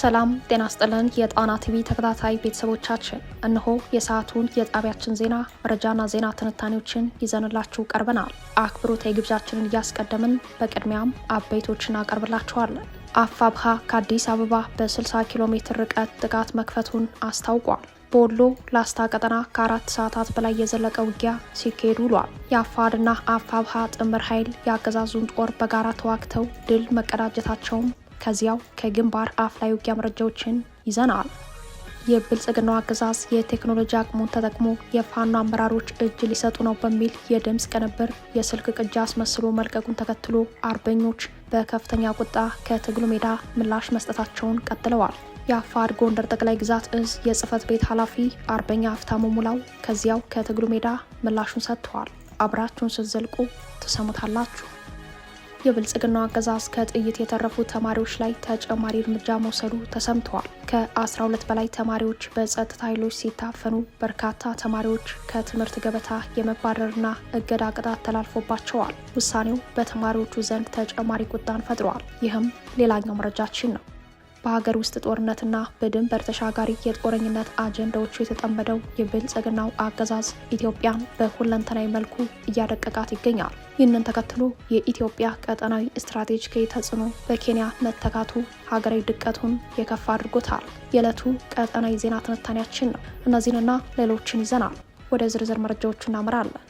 ሰላም ጤና ስጥልን። የጣና ቲቪ ተከታታይ ቤተሰቦቻችን፣ እነሆ የሰዓቱን የጣቢያችን ዜና መረጃና ዜና ትንታኔዎችን ይዘንላችሁ ቀርበናል። አክብሮታዊ ግብዣችንን እያስቀደምን በቅድሚያም አበይቶችን አቀርብላችኋለን። አፋብሃ ከአዲስ አበባ በ60 ኪሎ ሜትር ርቀት ጥቃት መክፈቱን አስታውቋል። በወሎ ላስታ ቀጠና ከአራት ሰዓታት በላይ የዘለቀ ውጊያ ሲካሄድ ውሏል። የአፋድና አፋብሃ ጥምር ኃይል የአገዛዙን ጦር በጋራ ተዋግተው ድል መቀዳጀታቸውም ከዚያው ከግንባር አፍ ላይ ውጊያ መረጃዎችን ይዘናል። የብልጽግናው አገዛዝ የቴክኖሎጂ አቅሙን ተጠቅሞ የፋኖ አመራሮች እጅ ሊሰጡ ነው በሚል የድምፅ ቅንብር የስልክ ቅጂ አስመስሎ መልቀቁን ተከትሎ አርበኞች በከፍተኛ ቁጣ ከትግሉ ሜዳ ምላሽ መስጠታቸውን ቀጥለዋል። የአፋር ጎንደር ጠቅላይ ግዛት እዝ የጽህፈት ቤት ኃላፊ አርበኛ ሀፍታሙ ሙላው ከዚያው ከትግሉ ሜዳ ምላሹን ሰጥተዋል። አብራችሁን ስትዘልቁ ትሰሙታላችሁ። የብልጽግናው አገዛዝ ከጥይት የተረፉ ተማሪዎች ላይ ተጨማሪ እርምጃ መውሰዱ ተሰምተዋል። ከ12 በላይ ተማሪዎች በጸጥታ ኃይሎች ሲታፈኑ በርካታ ተማሪዎች ከትምህርት ገበታ የመባረርና እገዳ ቅጣት ተላልፎባቸዋል። ውሳኔው በተማሪዎቹ ዘንድ ተጨማሪ ቁጣን ፈጥሯል። ይህም ሌላኛው መረጃችን ነው። በሀገር ውስጥ ጦርነትና በድንበር ተሻጋሪ የጦረኝነት አጀንዳዎቹ የተጠመደው የብልጽግናው አገዛዝ ኢትዮጵያን በሁለንተናዊ መልኩ እያደቀቃት ይገኛል። ይህንን ተከትሎ የኢትዮጵያ ቀጠናዊ ስትራቴጂካዊ ተጽዕኖ በኬንያ መተካቱ ሀገራዊ ድቀቱን የከፋ አድርጎታል። የዕለቱ ቀጠናዊ ዜና ትንታኔያችን ነው። እነዚህንና ሌሎችን ይዘናል። ወደ ዝርዝር መረጃዎቹ እናምራለን።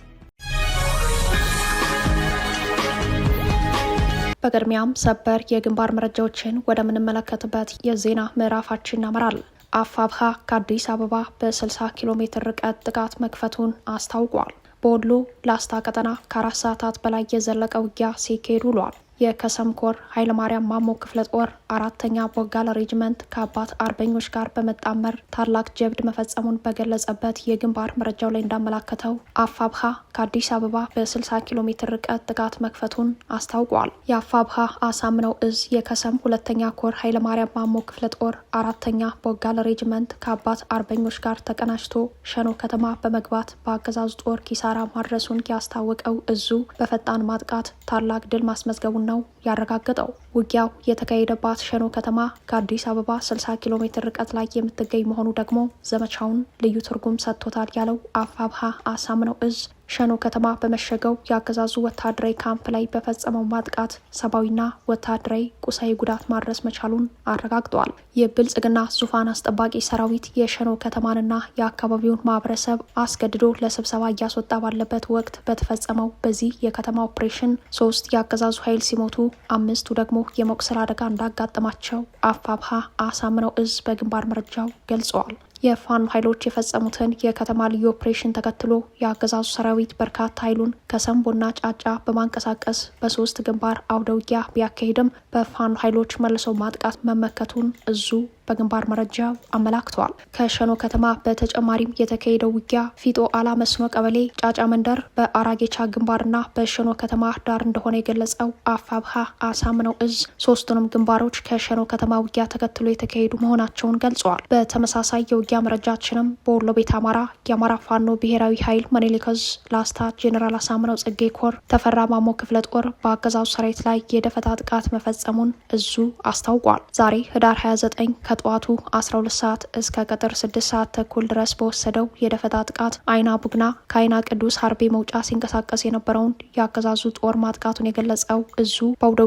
በቅድሚያም ሰበር የግንባር መረጃዎችን ወደምንመለከትበት የዜና ምዕራፋችን እናመራለን። አፋብሃ ከአዲስ አበባ በ60 ኪሎ ሜትር ርቀት ጥቃት መክፈቱን አስታውቋል። በወሎ ላስታ ቀጠና ከአራት ሰዓታት በላይ የዘለቀ ውጊያ ሲካሄድ ውሏል። የከሰምኮር ኃይለማርያም ማሞ ክፍለ ጦር አራተኛ ቦጋለ ሬጅመንት ከአባት አርበኞች ጋር በመጣመር ታላቅ ጀብድ መፈጸሙን በገለጸበት የግንባር መረጃው ላይ እንዳመላከተው አፋብሃ ከአዲስ አበባ በ60 ኪሎ ሜትር ርቀት ጥቃት መክፈቱን አስታውቋል። የአፋብሃ አሳምነው እዝ የከሰም ሁለተኛ ኮር ኃይለማርያም ማሞ ክፍለ ጦር አራተኛ ቦጋለ ሬጅመንት ከአባት አርበኞች ጋር ተቀናጅቶ ሸኖ ከተማ በመግባት በአገዛዙ ጦር ኪሳራ ማድረሱን ያስታወቀው እዙ በፈጣን ማጥቃት ታላቅ ድል ማስመዝገቡን። ነው ያረጋገጠው። ውጊያው የተካሄደባት ሸኖ ከተማ ከአዲስ አበባ 60 ኪሎ ሜትር ርቀት ላይ የምትገኝ መሆኑ ደግሞ ዘመቻውን ልዩ ትርጉም ሰጥቶታል ያለው አፋብሃ አሳምነው እዝ ሸኖ ከተማ በመሸገው የአገዛዙ ወታደራዊ ካምፕ ላይ በፈጸመው ማጥቃት ሰብአዊና ወታደራዊ ቁሳዊ ጉዳት ማድረስ መቻሉን አረጋግጠዋል። የብልጽግና ዙፋን አስጠባቂ ሰራዊት የሸኖ ከተማንና የአካባቢውን ማህበረሰብ አስገድዶ ለስብሰባ እያስወጣ ባለበት ወቅት በተፈጸመው በዚህ የከተማ ኦፕሬሽን ሶስት የአገዛዙ ኃይል ሲሞቱ አምስቱ ደግሞ የመቁሰል አደጋ እንዳጋጠማቸው አፋብሃ አሳምነው እዝ በግንባር መረጃው ገልጸዋል። የፋኖ ኃይሎች የፈጸሙትን የከተማ ልዩ ኦፕሬሽን ተከትሎ የአገዛዙ ሰራዊት በርካታ ኃይሉን ከሰንቦና ጫጫ በማንቀሳቀስ በሶስት ግንባር አውደውጊያ ቢያካሄድም ቢያካሂድም በፋኖ ኃይሎች መልሶ ማጥቃት መመከቱን እዙ በግንባር መረጃው አመላክቷል። ከሸኖ ከተማ በተጨማሪም የተካሄደው ውጊያ ፊጦ አላ መስኖ ቀበሌ ጫጫ መንደር በአራጌቻ ግንባርና በሸኖ ከተማ ዳር እንደሆነ የገለጸው አፋብሃ አሳምነው እዝ ሶስቱንም ግንባሮች ከሸኖ ከተማ ውጊያ ተከትሎ የተካሄዱ መሆናቸውን ገልጸዋል። በተመሳሳይ የውጊያ መረጃችንም በወሎ ቤት አማራ የአማራ ፋኖ ብሔራዊ ኃይል መኔሊከዝ ላስታ ጄኔራል አሳምነው ጽጌ ኮር ተፈራ ማሞ ክፍለ ጦር በአገዛዙ ሰራዊት ላይ የደፈታ ጥቃት መፈጸሙን እዙ አስታውቋል። ዛሬ ህዳር 29 ከጠዋቱ 12 ሰዓት እስከ ቀጥር 6 ሰዓት ተኩል ድረስ በወሰደው የደፈጣ ጥቃት አይና ቡግና ከአይና ቅዱስ ሀርቤ መውጫ ሲንቀሳቀስ የነበረውን የአገዛዙ ጦር ማጥቃቱን የገለጸው እዙ በአውደ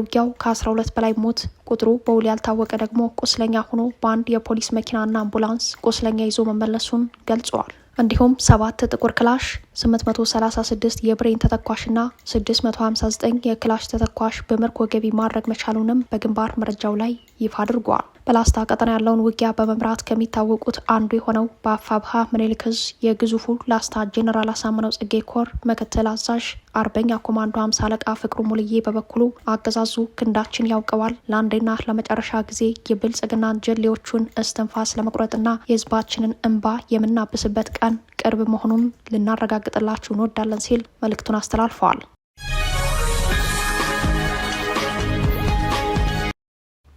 ከ12 በላይ ሞት ቁጥሩ በውል ያልታወቀ ደግሞ ቁስለኛ ሆኖ በአንድ የፖሊስ መኪናና አምቡላንስ ቁስለኛ ይዞ መመለሱን ገልጸዋል። እንዲሁም ሰባት ጥቁር ክላሽ 836 የብሬን ተተኳሽና 659 የክላሽ ተተኳሽ በምርኮ ገቢ ማድረግ መቻሉንም በግንባር መረጃው ላይ ይፋ አድርጓል። በላስታ ቀጠና ያለውን ውጊያ በመምራት ከሚታወቁት አንዱ የሆነው በአፋብሃ ምኒልክ የግዙፉ ላስታ ጄኔራል አሳምነው ጽጌ ኮር ምክትል አዛዥ አርበኛ ኮማንዶ ሃምሳ አለቃ ፍቅሩ ሙልዬ በበኩሉ አገዛዙ ክንዳችን ያውቀዋል፣ ለአንዴና ለመጨረሻ ጊዜ የብልጽግና ጀሌዎቹን እስትንፋስ ለመቁረጥና የህዝባችንን እንባ የምናብስበት ቀን ቅርብ መሆኑን ልናረጋግጥላችሁ እንወዳለን ሲል መልእክቱን አስተላልፈዋል።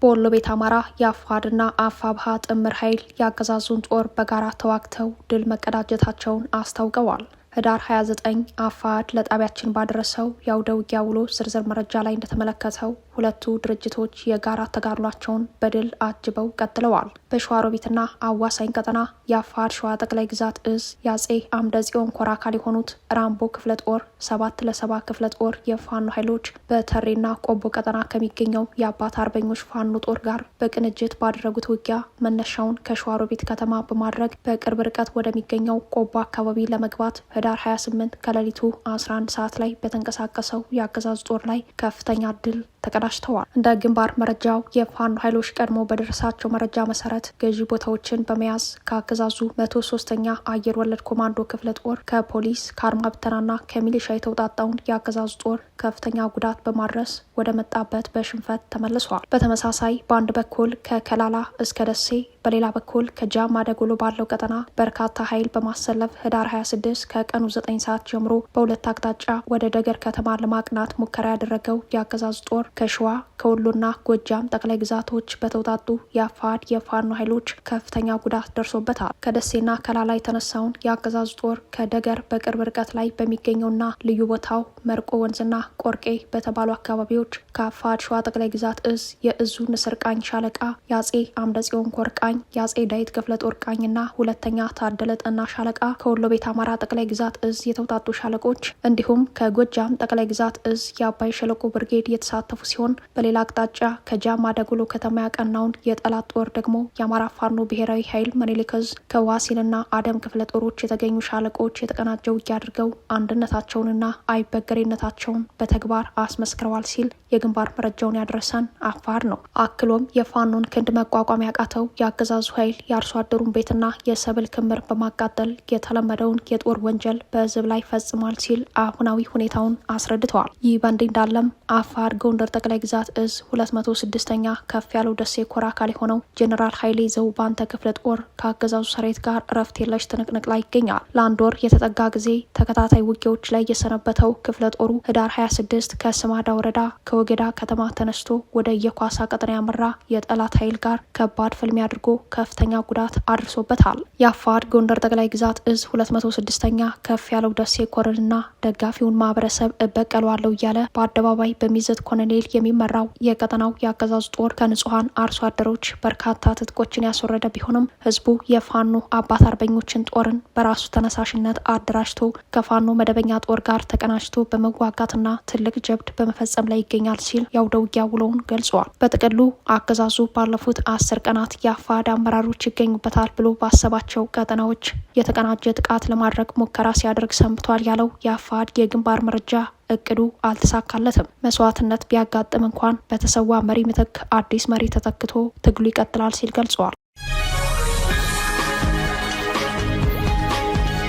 በወሎ ቤት አማራ የአፋድና አፋብሃ ጥምር ኃይል የአገዛዙን ጦር በጋራ ተዋግተው ድል መቀዳጀታቸውን አስታውቀዋል። ህዳር 29 አፋድ ለጣቢያችን ባደረሰው የአውደ ውጊያ ውሎ ዝርዝር መረጃ ላይ እንደተመለከተው ሁለቱ ድርጅቶች የጋራ ተጋድሏቸውን በድል አጅበው ቀጥለዋል። በሸዋሮቢትና አዋሳኝ ቀጠና የአፋድ ሸዋ ጠቅላይ ግዛት እዝ የአጼ አምደ ጽዮን ኮር አካል የሆኑት ራምቦ ክፍለ ጦር ሰባት ለሰባ ክፍለ ጦር የፋኖ ኃይሎች በተሬና ቆቦ ቀጠና ከሚገኘው የአባት አርበኞች ፋኖ ጦር ጋር በቅንጅት ባደረጉት ውጊያ መነሻውን ከሸዋሮቢት ከተማ በማድረግ በቅርብ ርቀት ወደሚገኘው ቆቦ አካባቢ ለመግባት ህዳር 28 ከሌሊቱ 11 ሰዓት ላይ በተንቀሳቀሰው የአገዛዝ ጦር ላይ ከፍተኛ ድል ተቀዳጅተዋል። እንደ ግንባር መረጃው የፋኖ ኃይሎች ቀድሞ በደረሳቸው መረጃ መሰረት ገዢ ቦታዎችን በመያዝ ከአገዛዙ መቶ ሶስተኛ አየር ወለድ ኮማንዶ ክፍለ ጦር ከፖሊስ ከአድማ ብተናና ከሚሊሻ የተውጣጣውን የአገዛዙ ጦር ከፍተኛ ጉዳት በማድረስ ወደ መጣበት በሽንፈት ተመልሷል። በተመሳሳይ በአንድ በኩል ከከላላ እስከ ደሴ በሌላ በኩል ከጃማ ደጎሎ ባለው ቀጠና በርካታ ኃይል በማሰለፍ ህዳር 26 ከቀኑ 9 ሰዓት ጀምሮ በሁለት አቅጣጫ ወደ ደገር ከተማ ለማቅናት ሙከራ ያደረገው የአገዛዙ ጦር ከሸዋ ከወሎና ጎጃም ጠቅላይ ግዛቶች በተውጣጡ የአፋድ የፋኖ ኃይሎች ከፍተኛ ጉዳት ደርሶበታል። ከደሴና ከላላ የተነሳውን የአገዛዙ ጦር ከደገር በቅርብ ርቀት ላይ በሚገኘውና ልዩ ቦታው መርቆ ወንዝና ቆርቄ በተባሉ አካባቢዎች ከአፋድ ሸዋ ጠቅላይ ግዛት እዝ የእዙ ንስር ቃኝ ሻለቃ የአጼ አምደጽዮን ኮርቃኝ ቃኝ የአጼ ዳዊት ክፍለ ጦር ቃኝና ሁለተኛ ታደለ ጠና ሻለቃ ከወሎ ቤት አማራ ጠቅላይ ግዛት እዝ የተውጣጡ ሻለቆች እንዲሁም ከጎጃም ጠቅላይ ግዛት እዝ የአባይ ሸለቆ ብርጌድ የተሳተፉ ያሳለፉ ሲሆን በሌላ አቅጣጫ ከጃማ ደጉሎ ከተማ ያቀናውን የጠላት ጦር ደግሞ የአማራ ፋኖ ብሔራዊ ኃይል መኔሊከዝ ከዋሲልና አደም ክፍለ ጦሮች የተገኙ ሻለቆች የተቀናጀ ውጊያ አድርገው አንድነታቸውንና አይበገሬነታቸውን በተግባር አስመስክረዋል ሲል የግንባር መረጃውን ያደረሰን አፋር ነው። አክሎም የፋኖን ክንድ መቋቋም ያቃተው የአገዛዙ ኃይል የአርሶ አደሩን ቤትና የሰብል ክምር በማቃጠል የተለመደውን የጦር ወንጀል በህዝብ ላይ ፈጽሟል ሲል አሁናዊ ሁኔታውን አስረድተዋል። ይህ በእንዲህ እንዳለም አፋር ጎንደር ጎንደር ጠቅላይ ግዛት እዝ 206ኛ ከፍ ያለው ደሴ ኮር አካል የሆነው ጄኔራል ኃይሌ ዘውባንተ ክፍለ ጦር ከአገዛዙ ሰራዊት ጋር እረፍት የለሽ ትንቅንቅ ላይ ይገኛል። ለአንድ ወር የተጠጋ ጊዜ ተከታታይ ውጊያዎች ላይ የሰነበተው ክፍለ ጦሩ ህዳር 26 ከስማዳ ወረዳ ከወገዳ ከተማ ተነስቶ ወደ የኳሳ ቀጠና ያመራ የጠላት ኃይል ጋር ከባድ ፍልሚያ አድርጎ ከፍተኛ ጉዳት አድርሶበታል። የአፋድ ጎንደር ጠቅላይ ግዛት እዝ 206ኛ ከፍ ያለው ደሴ ኮርንና ደጋፊውን ማህበረሰብ እበቀለዋለሁ እያለ በአደባባይ በሚዘት ኮሎኔል ዳንኤል የሚመራው የቀጠናው የአገዛዙ ጦር ከንጹሐን አርሶ አደሮች በርካታ ትጥቆችን ያስወረደ ቢሆንም ህዝቡ የፋኖ አባት አርበኞችን ጦርን በራሱ ተነሳሽነት አደራጅቶ ከፋኖ መደበኛ ጦር ጋር ተቀናጅቶ በመዋጋትና ትልቅ ጀብድ በመፈጸም ላይ ይገኛል ሲል የአውደ ውጊያ ውሎውን ገልጿል። በጥቅሉ አገዛዙ ባለፉት አስር ቀናት የአፋድ አመራሮች ይገኙበታል ብሎ ባሰባቸው ቀጠናዎች የተቀናጀ ጥቃት ለማድረግ ሙከራ ሲያደርግ ሰንብቷል ያለው የአፋድ የግንባር መረጃ እቅዱ አልተሳካለትም። መስዋዕትነት ቢያጋጥም እንኳን በተሰዋ መሪ ምትክ አዲስ መሪ ተተክቶ ትግሉ ይቀጥላል ሲል ገልጸዋል።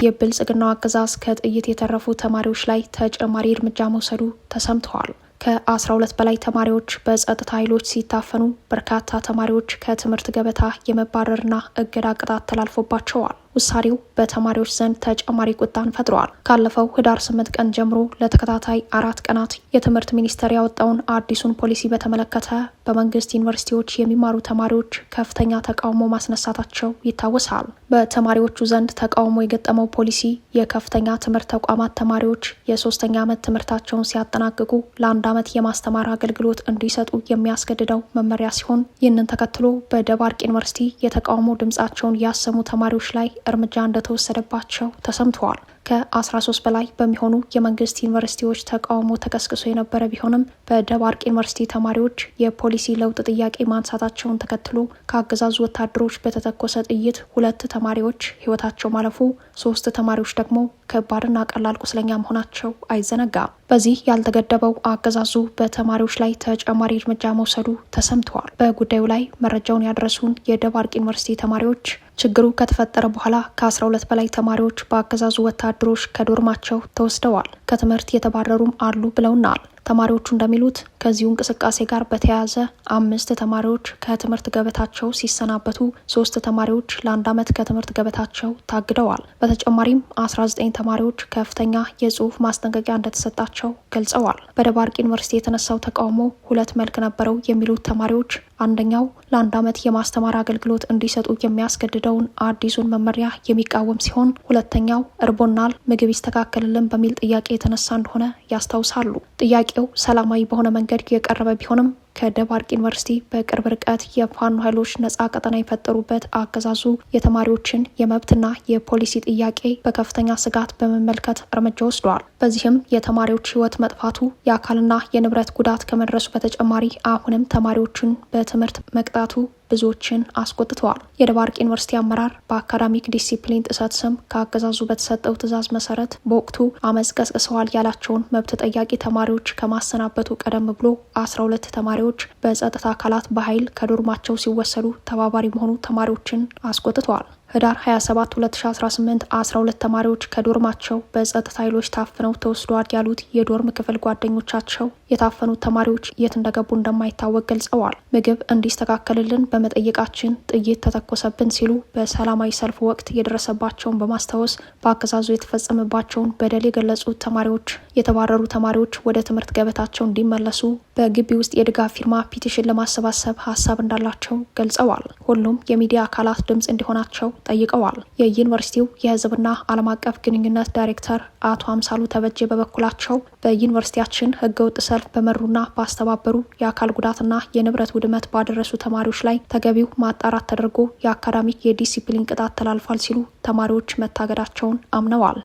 የብልጽግናው አገዛዝ ከጥይት የተረፉ ተማሪዎች ላይ ተጨማሪ እርምጃ መውሰዱ ተሰምተዋል። ከ12 በላይ ተማሪዎች በጸጥታ ኃይሎች ሲታፈኑ በርካታ ተማሪዎች ከትምህርት ገበታ የመባረርና እገዳ ቅጣት ተላልፎባቸዋል። ውሳኔው በተማሪዎች ዘንድ ተጨማሪ ቁጣን ፈጥሯል። ካለፈው ህዳር ስምንት ቀን ጀምሮ ለተከታታይ አራት ቀናት የትምህርት ሚኒስቴር ያወጣውን አዲሱን ፖሊሲ በተመለከተ በመንግስት ዩኒቨርሲቲዎች የሚማሩ ተማሪዎች ከፍተኛ ተቃውሞ ማስነሳታቸው ይታወሳል። በተማሪዎቹ ዘንድ ተቃውሞ የገጠመው ፖሊሲ የከፍተኛ ትምህርት ተቋማት ተማሪዎች የሶስተኛ ዓመት ትምህርታቸውን ሲያጠናቅቁ ለአንድ ዓመት የማስተማር አገልግሎት እንዲሰጡ የሚያስገድደው መመሪያ ሲሆን ይህንን ተከትሎ በደባርቅ ዩኒቨርሲቲ የተቃውሞ ድምጻቸውን ያሰሙ ተማሪዎች ላይ እርምጃ እንደተወሰደባቸው ተሰምተዋል። ከ13 በላይ በሚሆኑ የመንግስት ዩኒቨርሲቲዎች ተቃውሞ ተቀስቅሶ የነበረ ቢሆንም በደባርቅ ዩኒቨርሲቲ ተማሪዎች የፖሊሲ ለውጥ ጥያቄ ማንሳታቸውን ተከትሎ ከአገዛዙ ወታደሮች በተተኮሰ ጥይት ሁለት ተማሪዎች ህይወታቸው ማለፉ፣ ሶስት ተማሪዎች ደግሞ ከባድና ቀላል ቁስለኛ መሆናቸው አይዘነጋም። በዚህ ያልተገደበው አገዛዙ በተማሪዎች ላይ ተጨማሪ እርምጃ መውሰዱ ተሰምተዋል። በጉዳዩ ላይ መረጃውን ያደረሱን የደባርቅ ዩኒቨርሲቲ ተማሪዎች ችግሩ ከተፈጠረ በኋላ ከ12 በላይ ተማሪዎች በአገዛዙ ወታደሮች ከዶርማቸው ተወስደዋል፣ ከትምህርት የተባረሩም አሉ ብለውናል። ተማሪዎቹ እንደሚሉት ከዚሁ እንቅስቃሴ ጋር በተያያዘ አምስት ተማሪዎች ከትምህርት ገበታቸው ሲሰናበቱ ሶስት ተማሪዎች ለአንድ ዓመት ከትምህርት ገበታቸው ታግደዋል። በተጨማሪም 19 ተማሪዎች ከፍተኛ የጽሁፍ ማስጠንቀቂያ እንደተሰጣቸው ገልጸዋል። በደባርቅ ዩኒቨርሲቲ የተነሳው ተቃውሞ ሁለት መልክ ነበረው የሚሉት ተማሪዎች አንደኛው ለአንድ ዓመት የማስተማር አገልግሎት እንዲሰጡ የሚያስገድደውን አዲሱን መመሪያ የሚቃወም ሲሆን፣ ሁለተኛው እርቦናል፣ ምግብ ይስተካከልልን በሚል ጥያቄ የተነሳ እንደሆነ ያስታውሳሉ። ጥያቄው ሰላማዊ በሆነ መንገድ የቀረበ ቢሆንም ከደባርቅ ዩኒቨርሲቲ በቅርብ ርቀት የፋኖ ኃይሎች ነጻ ቀጠና የፈጠሩበት አገዛዙ የተማሪዎችን የመብትና የፖሊሲ ጥያቄ በከፍተኛ ስጋት በመመልከት እርምጃ ወስደዋል። በዚህም የተማሪዎች ህይወት መጥፋቱ የአካልና የንብረት ጉዳት ከመድረሱ በተጨማሪ አሁንም ተማሪዎችን በትምህርት መቅጣቱ ብዙዎችን አስቆጥተዋል። የደባርቅ ዩኒቨርሲቲ አመራር በአካዳሚክ ዲሲፕሊን ጥሰት ስም ከአገዛዙ በተሰጠው ትዕዛዝ መሰረት በወቅቱ አመፅ ቀስቅሰዋል ያላቸውን መብት ጠያቂ ተማሪዎች ከማሰናበቱ ቀደም ብሎ አስራ ሁለት ተማሪዎች በጸጥታ አካላት በኃይል ከዶርማቸው ሲወሰዱ ተባባሪ መሆኑ ተማሪዎችን አስቆጥተዋል። ህዳር 27 2018 12 ተማሪዎች ከዶርማቸው በጸጥታ ኃይሎች ታፍነው ተወስደዋል ያሉት የዶርም ክፍል ጓደኞቻቸው የታፈኑት ተማሪዎች የት እንደገቡ እንደማይታወቅ ገልጸዋል። ምግብ እንዲስተካከልልን በመጠየቃችን ጥይት ተተኮሰብን ሲሉ በሰላማዊ ሰልፍ ወቅት የደረሰባቸውን በማስታወስ በአገዛዙ የተፈጸመባቸውን በደል የገለጹት ተማሪዎች የተባረሩ ተማሪዎች ወደ ትምህርት ገበታቸው እንዲመለሱ በግቢ ውስጥ የድጋፍ ፊርማ ፒቲሽን ለማሰባሰብ ሀሳብ እንዳላቸው ገልጸዋል። ሁሉም የሚዲያ አካላት ድምፅ እንዲሆናቸው ጠይቀዋል። የዩኒቨርሲቲው የህዝብና ዓለም አቀፍ ግንኙነት ዳይሬክተር አቶ አምሳሉ ተበጀ በበኩላቸው በዩኒቨርሲቲያችን ህገወጥ ሰልፍ በመሩና ባስተባበሩ የአካል ጉዳትና የንብረት ውድመት ባደረሱ ተማሪዎች ላይ ተገቢው ማጣራት ተደርጎ የአካዳሚክ የዲሲፕሊን ቅጣት ተላልፏል ሲሉ ተማሪዎች መታገዳቸውን አምነዋል።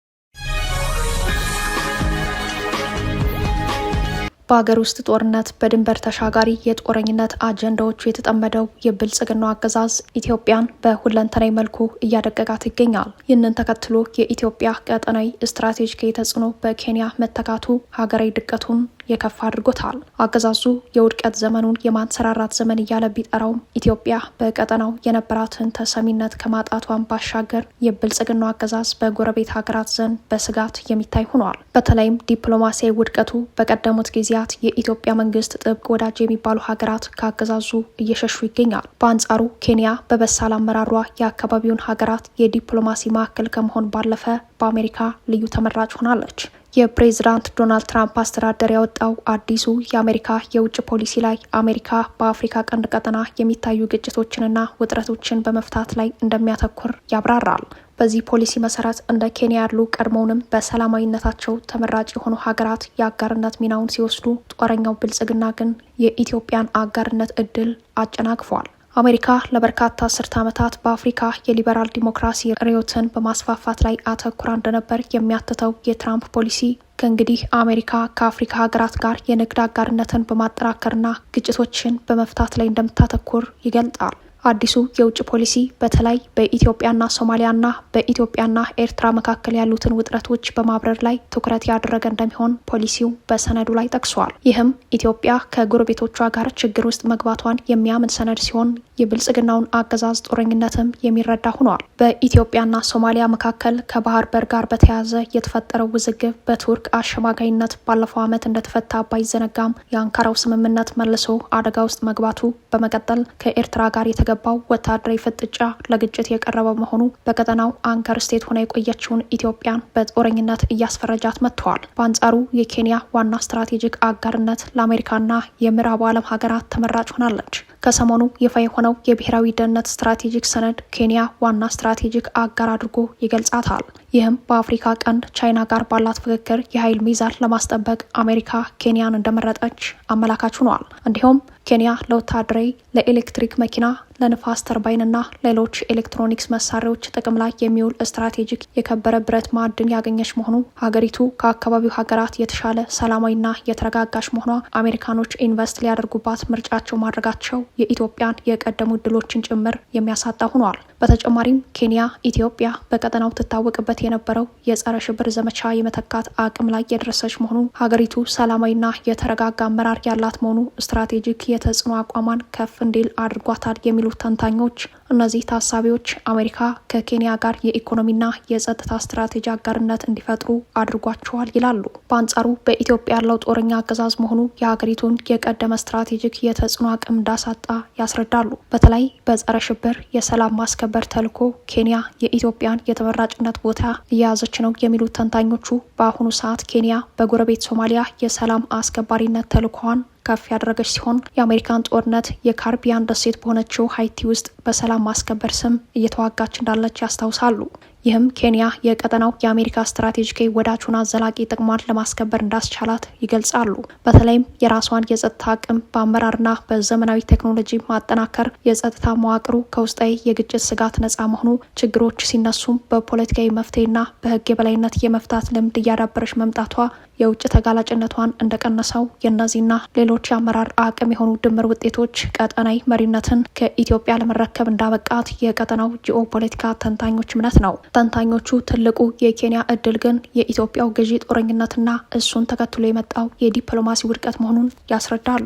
በሀገር ውስጥ ጦርነት በድንበር ተሻጋሪ የጦረኝነት አጀንዳዎቹ የተጠመደው የብልጽግናው አገዛዝ ኢትዮጵያን በሁለንተናዊ መልኩ እያደቀቃት ይገኛል። ይህንን ተከትሎ የኢትዮጵያ ቀጠናዊ ስትራቴጂካዊ ተጽዕኖ በኬንያ መተካቱ ሀገራዊ ድቀቱን የከፋ አድርጎታል። አገዛዙ የውድቀት ዘመኑን የማንሰራራት ዘመን እያለ ቢጠራውም ኢትዮጵያ በቀጠናው የነበራትን ተሰሚነት ከማጣቷን ባሻገር የብልጽግናው አገዛዝ በጎረቤት ሀገራት ዘንድ በስጋት የሚታይ ሆኗል። በተለይም ዲፕሎማሲያዊ ውድቀቱ በቀደሙት ጊዜያት የኢትዮጵያ መንግስት ጥብቅ ወዳጅ የሚባሉ ሀገራት ከአገዛዙ እየሸሹ ይገኛል። በአንጻሩ ኬንያ በበሳል አመራሯ የአካባቢውን ሀገራት የዲፕሎማሲ ማዕከል ከመሆን ባለፈ በአሜሪካ ልዩ ተመራጭ ሆናለች። የፕሬዝዳንት ዶናልድ ትራምፕ አስተዳደር ያወጣው አዲሱ የአሜሪካ የውጭ ፖሊሲ ላይ አሜሪካ በአፍሪካ ቀንድ ቀጠና የሚታዩ ግጭቶችንና ውጥረቶችን በመፍታት ላይ እንደሚያተኩር ያብራራል። በዚህ ፖሊሲ መሰረት እንደ ኬንያ ያሉ ቀድሞውንም በሰላማዊነታቸው ተመራጭ የሆኑ ሀገራት የአጋርነት ሚናውን ሲወስዱ፣ ጦረኛው ብልጽግና ግን የኢትዮጵያን አጋርነት እድል አጨናግፏል። አሜሪካ ለበርካታ አስርተ ዓመታት በአፍሪካ የሊበራል ዲሞክራሲ ርዕዮትን በማስፋፋት ላይ አተኩራ እንደነበር የሚያትተው የትራምፕ ፖሊሲ ከእንግዲህ አሜሪካ ከአፍሪካ ሀገራት ጋር የንግድ አጋርነትን በማጠራከርና ግጭቶችን በመፍታት ላይ እንደምታተኩር ይገልጣል። አዲሱ የውጭ ፖሊሲ በተለይ በኢትዮጵያና ሶማሊያና በኢትዮጵያና ኤርትራ መካከል ያሉትን ውጥረቶች በማብረር ላይ ትኩረት ያደረገ እንደሚሆን ፖሊሲው በሰነዱ ላይ ጠቅሷል። ይህም ኢትዮጵያ ከጎረቤቶቿ ጋር ችግር ውስጥ መግባቷን የሚያምን ሰነድ ሲሆን የብልጽግናውን አገዛዝ ጦረኝነትም የሚረዳ ሆኗል። በኢትዮጵያና ሶማሊያ መካከል ከባህር በር ጋር በተያያዘ የተፈጠረው ውዝግብ በቱርክ አሸማጋይነት ባለፈው ዓመት እንደተፈታ ባይዘነጋም የአንካራው ስምምነት መልሶ አደጋ ውስጥ መግባቱ በመቀጠል ከኤርትራ ጋር የተገባው ወታደራዊ ፍጥጫ ለግጭት የቀረበ መሆኑ በቀጠናው አንከር ስቴት ሆና የቆየችውን ኢትዮጵያን በጦረኝነት እያስፈረጃት መጥተዋል። በአንጻሩ የኬንያ ዋና ስትራቴጂክ አጋርነት ለአሜሪካና የምዕራቡ ዓለም ሀገራት ተመራጭ ሆናለች። ከሰሞኑ ይፋ የሆነው የብሔራዊ ደህንነት ስትራቴጂክ ሰነድ ኬንያ ዋና ስትራቴጂክ አጋር አድርጎ ይገልጻታል። ይህም በአፍሪካ ቀንድ ቻይና ጋር ባላት ፍክክር የኃይል ሚዛን ለማስጠበቅ አሜሪካ ኬንያን እንደመረጠች አመላካች ሆኗል። እንዲሁም ኬንያ ለወታደራዊ፣ ለኤሌክትሪክ መኪና፣ ለንፋስ ተርባይን እና ሌሎች ኤሌክትሮኒክስ መሳሪያዎች ጥቅም ላይ የሚውል ስትራቴጂክ የከበረ ብረት ማዕድን ያገኘች መሆኑ ሀገሪቱ ከአካባቢው ሀገራት የተሻለ ሰላማዊና የተረጋጋች መሆኗ አሜሪካኖች ኢንቨስት ሊያደርጉባት ምርጫቸው ማድረጋቸው የኢትዮጵያን የቀደሙ ድሎችን ጭምር የሚያሳጣ ሆኗል። በተጨማሪም ኬንያ ኢትዮጵያ በቀጠናው ትታወቅበት የነበረው የጸረ ሽብር ዘመቻ የመተካት አቅም ላይ የደረሰች መሆኑ ሀገሪቱ ሰላማዊና የተረጋጋ አመራር ያላት መሆኑ ስትራቴጂክ የተጽዕኖ አቋሟን ከፍ እንዲል አድርጓታል የሚሉት ተንታኞች እነዚህ ታሳቢዎች አሜሪካ ከኬንያ ጋር የኢኮኖሚና የጸጥታ ስትራቴጂ አጋርነት እንዲፈጥሩ አድርጓቸዋል ይላሉ። በአንጻሩ በኢትዮጵያ ያለው ጦረኛ አገዛዝ መሆኑ የሀገሪቱን የቀደመ ስትራቴጂክ የተጽዕኖ አቅም እንዳሳጣ ያስረዳሉ። በተለይ በጸረ ሽብር የሰላም ማስከበር ተልዕኮ ኬንያ የኢትዮጵያን የተመራጭነት ቦታ እየያዘች ነው የሚሉት ተንታኞቹ በአሁኑ ሰዓት ኬንያ በጎረቤት ሶማሊያ የሰላም አስከባሪነት ተልዕኮዋን ከፍ ያደረገች ሲሆን የአሜሪካን ጦርነት የካርቢያን ደሴት በሆነችው ሀይቲ ውስጥ በሰላም ማስከበር ስም እየተዋጋች እንዳለች ያስታውሳሉ። ይህም ኬንያ የቀጠናው የአሜሪካ ስትራቴጂካዊ ወዳጅና ዘላቂ ጥቅሟን ለማስከበር እንዳስቻላት ይገልጻሉ። በተለይም የራሷን የጸጥታ አቅም በአመራርና በዘመናዊ ቴክኖሎጂ ማጠናከር፣ የጸጥታ መዋቅሩ ከውስጣዊ የግጭት ስጋት ነጻ መሆኑ፣ ችግሮች ሲነሱም በፖለቲካዊ መፍትሄና በህግ የበላይነት የመፍታት ልምድ እያዳበረች መምጣቷ የውጭ ተጋላጭነቷን እንደቀነሰው የእነዚህና ሌሎች የአመራር አቅም የሆኑ ድምር ውጤቶች ቀጠናዊ መሪነትን ከኢትዮጵያ ለመረከብ እንዳበቃት የቀጠናው ጂኦፖለቲካ ተንታኞች እምነት ነው። ተንታኞቹ ትልቁ የኬንያ እድል ግን የኢትዮጵያው ገዢ ጦረኝነትና እሱን ተከትሎ የመጣው የዲፕሎማሲ ውድቀት መሆኑን ያስረዳሉ።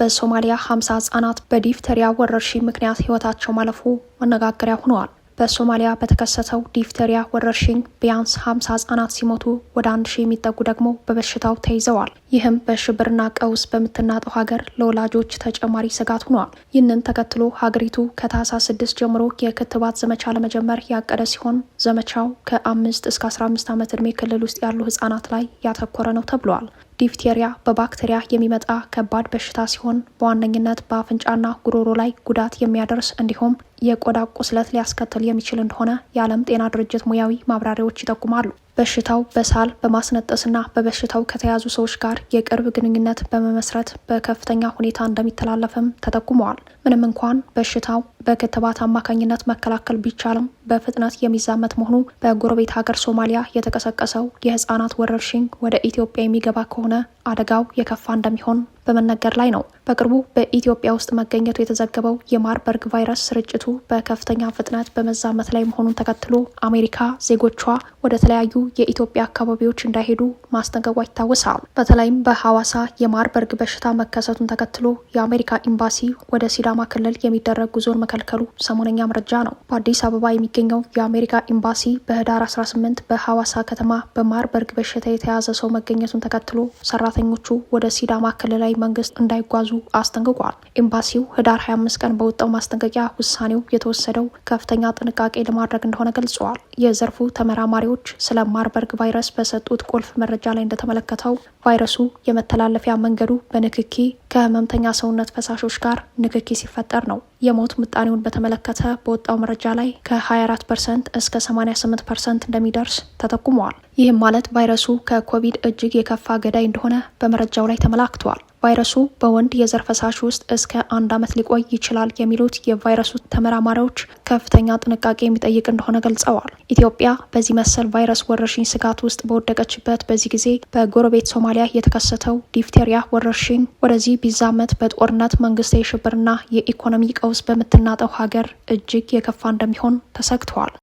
በሶማሊያ 50 ህጻናት በዲፍተሪያ ወረርሽኝ ምክንያት ህይወታቸው ማለፉ መነጋገሪያ ሆነዋል። በሶማሊያ በተከሰተው ዲፍተሪያ ወረርሽኝ ቢያንስ 50 ህጻናት ሲሞቱ ወደ አንድ ሺህ የሚጠጉ ደግሞ በበሽታው ተይዘዋል። ይህም በሽብርና ቀውስ በምትናጠው ሀገር ለወላጆች ተጨማሪ ስጋት ሆኗል። ይህንን ተከትሎ ሀገሪቱ ከታህሳስ 6 ጀምሮ የክትባት ዘመቻ ለመጀመር ያቀደ ሲሆን ዘመቻው ከ5 እስከ 15 ዓመት ዕድሜ ክልል ውስጥ ያሉ ህጻናት ላይ ያተኮረ ነው ተብሏል። ዲፍቴሪያ በባክቴሪያ የሚመጣ ከባድ በሽታ ሲሆን በዋነኝነት በአፍንጫና ጉሮሮ ላይ ጉዳት የሚያደርስ እንዲሁም የቆዳ ቁስለት ሊያስከትል የሚችል እንደሆነ የዓለም ጤና ድርጅት ሙያዊ ማብራሪያዎች ይጠቁማሉ። በሽታው በሳል በማስነጠስና በበሽታው ከተያዙ ሰዎች ጋር የቅርብ ግንኙነት በመመስረት በከፍተኛ ሁኔታ እንደሚተላለፍም ተጠቁመዋል። ምንም እንኳን በሽታው በክትባት አማካኝነት መከላከል ቢቻልም በፍጥነት የሚዛመት መሆኑ በጎረቤት ሀገር ሶማሊያ የተቀሰቀሰው የህጻናት ወረርሽኝ ወደ ኢትዮጵያ የሚገባ ከሆነ አደጋው የከፋ እንደሚሆን በመነገር ላይ ነው። በቅርቡ በኢትዮጵያ ውስጥ መገኘቱ የተዘገበው የማርበርግ ቫይረስ ስርጭቱ በከፍተኛ ፍጥነት በመዛመት ላይ መሆኑን ተከትሎ አሜሪካ ዜጎቿ ወደ ተለያዩ የኢትዮጵያ አካባቢዎች እንዳይሄዱ ማስጠንቀቋ ይታወሳል። በተለይም በሐዋሳ የማርበርግ በሽታ መከሰቱን ተከትሎ የአሜሪካ ኤምባሲ ወደ ሲዳማ ክልል የሚደረግ ጉዞን መከ መከልከሉ ሰሞነኛ መረጃ ነው። በአዲስ አበባ የሚገኘው የአሜሪካ ኤምባሲ በህዳር 18 በሐዋሳ ከተማ በማርበርግ በሽታ የተያዘ ሰው መገኘቱን ተከትሎ ሰራተኞቹ ወደ ሲዳማ ክልላዊ መንግስት እንዳይጓዙ አስጠንቅቋል። ኤምባሲው ህዳር 25 ቀን በወጣው ማስጠንቀቂያ ውሳኔው የተወሰደው ከፍተኛ ጥንቃቄ ለማድረግ እንደሆነ ገልጸዋል። የዘርፉ ተመራማሪዎች ስለ ማርበርግ ቫይረስ በሰጡት ቁልፍ መረጃ ላይ እንደተመለከተው ቫይረሱ የመተላለፊያ መንገዱ በንክኪ ከህመምተኛ ሰውነት ፈሳሾች ጋር ንክኪ ሲፈጠር ነው። የሞት ምጣኔውን በተመለከተ በወጣው መረጃ ላይ ከ24 ፐርሰንት እስከ 88 ፐርሰንት እንደሚደርስ ተጠቁመዋል። ይህም ማለት ቫይረሱ ከኮቪድ እጅግ የከፋ ገዳይ እንደሆነ በመረጃው ላይ ተመላክተዋል። ቫይረሱ በወንድ የዘር ፈሳሽ ውስጥ እስከ አንድ ዓመት ሊቆይ ይችላል የሚሉት የቫይረሱ ተመራማሪዎች ከፍተኛ ጥንቃቄ የሚጠይቅ እንደሆነ ገልጸዋል። ኢትዮጵያ በዚህ መሰል ቫይረስ ወረርሽኝ ስጋት ውስጥ በወደቀችበት በዚህ ጊዜ በጎረቤት ሶማሊያ የተከሰተው ዲፍቴሪያ ወረርሽኝ ወደዚህ ቢዛመት በጦርነት መንግስት የሽብርና የኢኮኖሚ ቀውስ በምትናጠው ሀገር እጅግ የከፋ እንደሚሆን ተሰግተዋል።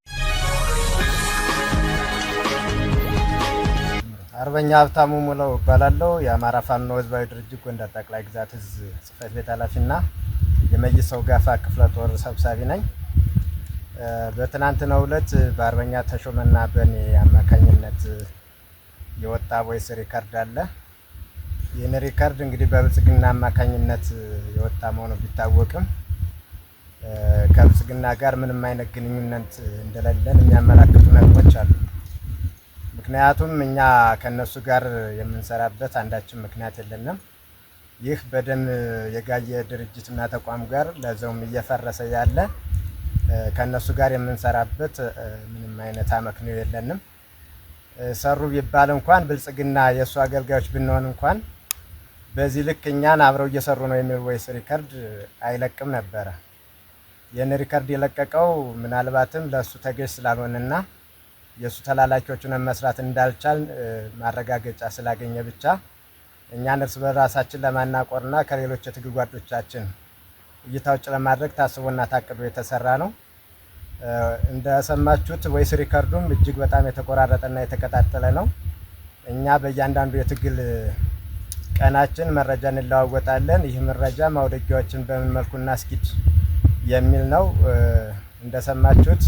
አርበኛ ሀብታሙ ሙለው እባላለሁ። የአማራ ፋኖ ህዝባዊ ድርጅት ጎንደር ጠቅላይ ግዛት እዝ ጽህፈት ቤት ኃላፊና የመይሰው ጋፋ ክፍለ ጦር ሰብሳቢ ነኝ። በትናንትናው ዕለት በአርበኛ ተሾመና በእኔ አማካኝነት የወጣ ቮይስ ሪከርድ አለ። ይህን ሪከርድ እንግዲህ በብልጽግና አማካኝነት የወጣ መሆኑ ቢታወቅም ከብልጽግና ጋር ምንም አይነት ግንኙነት እንደሌለን የሚያመላክቱ ነጥቦች አሉ። ምክንያቱም እኛ ከነሱ ጋር የምንሰራበት አንዳችን ምክንያት የለንም። ይህ በደም የጋየ ድርጅትና ተቋም ጋር ለዘውም እየፈረሰ ያለ ከነሱ ጋር የምንሰራበት ምንም አይነት አመክንዮ የለንም። ሰሩ ቢባል እንኳን ብልጽግና የእሱ አገልጋዮች ብንሆን እንኳን በዚህ ልክ እኛን አብረው እየሰሩ ነው የሚል ወይስ ሪከርድ አይለቅም ነበረ። ይህን ሪከርድ የለቀቀው ምናልባትም ለእሱ ተገዥ ስላልሆነና የእሱ ተላላኪዎቹን መስራት እንዳልቻል ማረጋገጫ ስላገኘ ብቻ እኛን እርስ በራሳችን ለማናቆርና ከሌሎች የትግል ጓዶቻችን እይታ ውጭ ለማድረግ ታስቦና ታቅዶ የተሰራ ነው። እንደሰማችሁት ወይስ ሪከርዱም እጅግ በጣም የተቆራረጠና የተቀጣጠለ ነው። እኛ በእያንዳንዱ የትግል ቀናችን መረጃ እንለዋወጣለን። ይህ መረጃ ማውደጊያዎችን በምን መልኩ እናስኪድ የሚል ነው። እንደሰማችሁት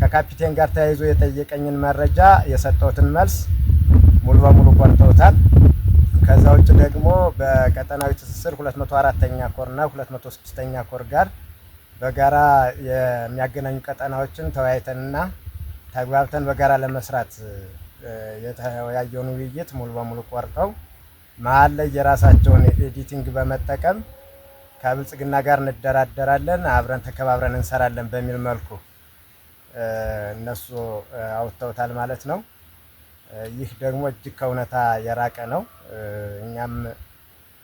ከካፒቴን ጋር ተያይዞ የጠየቀኝን መረጃ የሰጠሁትን መልስ ሙሉ በሙሉ ቆርጠውታል። ከዛ ውጭ ደግሞ በቀጠናዊ ትስስር 204ኛ ኮር እና 206ኛ ኮር ጋር በጋራ የሚያገናኙ ቀጠናዎችን ተወያይተንና ተግባብተን በጋራ ለመስራት የተወያየውን ውይይት ሙሉ በሙሉ ቆርጠው መሀል ላይ የራሳቸውን ኤዲቲንግ በመጠቀም ከብልጽግና ጋር እንደራደራለን፣ አብረን ተከባብረን እንሰራለን በሚል መልኩ እነሱ አውጥተውታል ማለት ነው። ይህ ደግሞ እጅግ ከእውነታ የራቀ ነው። እኛም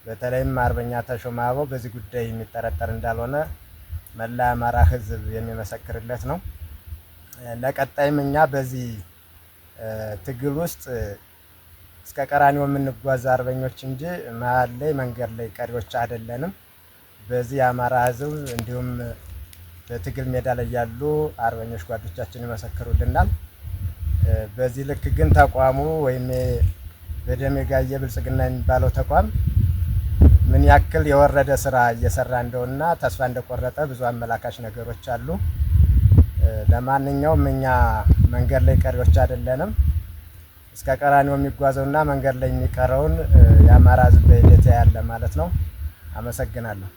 በተለይም አርበኛ ተሾመ አበው በዚህ ጉዳይ የሚጠረጠር እንዳልሆነ መላ አማራ ሕዝብ የሚመሰክርለት ነው። ለቀጣይም እኛ በዚህ ትግል ውስጥ እስከ ቀራኒው የምንጓዝ አርበኞች እንጂ መሀል ላይ መንገድ ላይ ቀሪዎች አይደለንም። በዚህ የአማራ ሕዝብ እንዲሁም በትግል ሜዳ ላይ ያሉ አርበኞች ጓዶቻችን ይመሰክሩልናል። በዚህ ልክ ግን ተቋሙ ወይም በደም የጋየ ብልጽግና የሚባለው ተቋም ምን ያክል የወረደ ስራ እየሰራ እንደውና ተስፋ እንደቆረጠ ብዙ አመላካች ነገሮች አሉ። ለማንኛውም እኛ መንገድ ላይ ቀሪዎች አይደለንም። እስከ ቀራኒው የሚጓዘውና መንገድ ላይ የሚቀረውን የአማራ ሕዝብ በሂደት ያለ ማለት ነው። አመሰግናለሁ።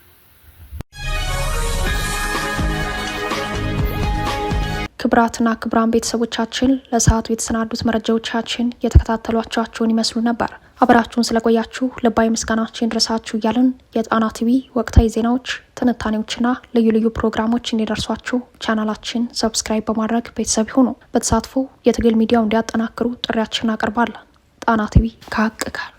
ክብራትና ክብራን ቤተሰቦቻችን ለሰዓቱ የተሰናዱት መረጃዎቻችን የተከታተሏቸኋቸውን ይመስሉ ነበር። አብራችሁን ስለቆያችሁ ልባዊ ምስጋናችን ድረሳችሁ እያልን የጣና ቲቪ ወቅታዊ ዜናዎች፣ ትንታኔዎችና ልዩ ልዩ ፕሮግራሞች እንዲደርሷችሁ ቻናላችን ሰብስክራይብ በማድረግ ቤተሰብ ይሁኑ። በተሳትፎ የትግል ሚዲያው እንዲያጠናክሩ ጥሪያችን አቀርባለን። ጣና ቲቪ ከሀቅ ጋር